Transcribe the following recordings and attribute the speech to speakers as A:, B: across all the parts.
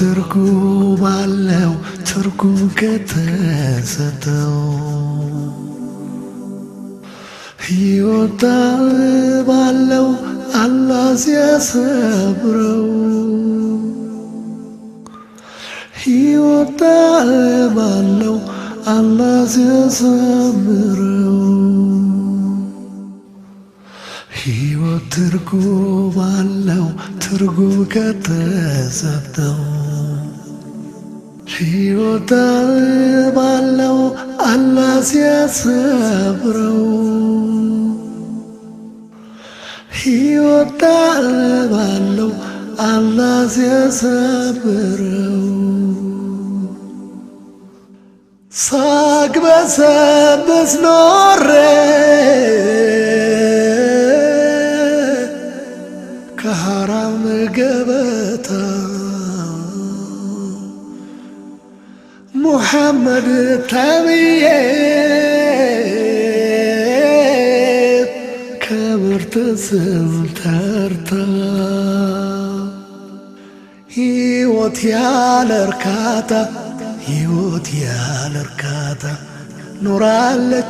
A: ትርጉም አለው ትርጉም ከተሰጠው ሕይወት ባለው አላህ ሲያሰብረው ሕይወት ባለው አላህ ሲያሰምረው ሕይወት ትርጉም አለው ትርጉም ከተሰጠው ሕይወት ባለው አላህ ሲያሰብረው ሕይወት ባለው ሲያሰብረው ሳቅ በሰብስ ኖሬ ከሐራም ገበታ محمد تابي كبر تسل ترتا يوت يا لركاتا يوت يا لركاتا نور على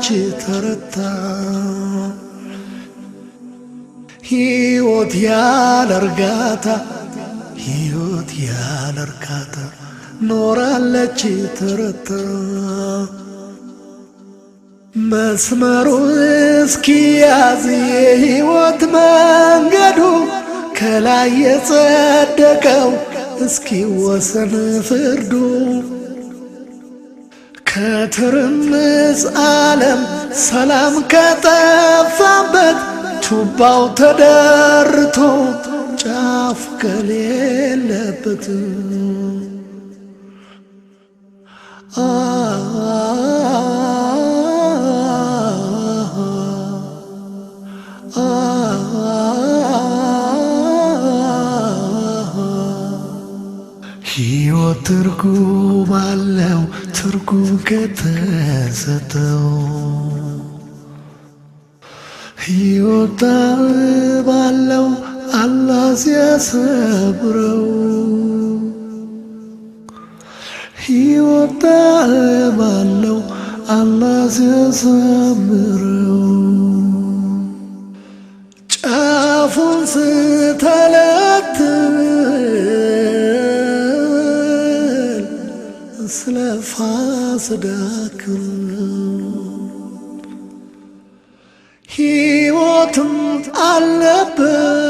A: ترتا يوت يا لركاتا يوت يا لركاتا ኖራለች ተረትራ መስመሩ እስኪያዝ የሕይወት መንገዱ ከላይ የጸደቀው እስኪወሰን ፍርዱ ከትርምስ ዓለም ሰላም ከጠፋበት ቱባው ተደርቶ ጫፍ ከሌለበትም ሕይወት ትርጉም አለው ትርጉም ከተሰጠው ሕይወት ባለው አላህ ሲያሰብረው ይወጣል ባለው አላ ሲያሳምረው ጫፉን ስተለትል ስለ ፋስዳክር ሕይወትም አለበት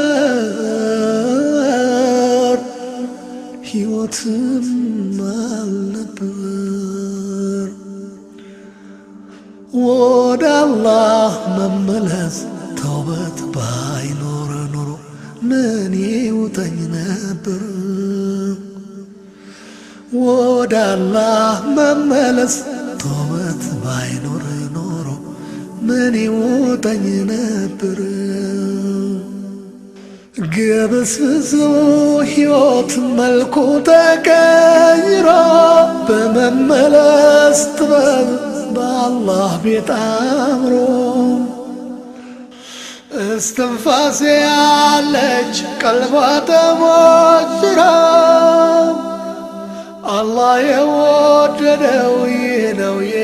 A: ሕይወትም አልነበር። ወደ አላህ መመለስ ተውበት ባይኖረ ኖሮ ምን ይውጠኝ ነበር? ወደ አላህ መመለስ ተውበት ባይኖረ ኖሮ ምን ይውጠኝ ነበር? ግብስብሱ ሕይወት መልኩ ተቀይሮ በመመለስ ጥበብ በአላህ ቤት አምሮ እስትንፋሴ ያለች ቀልቧ ተሞሽራ አላህ የወደደው ይህ ነው።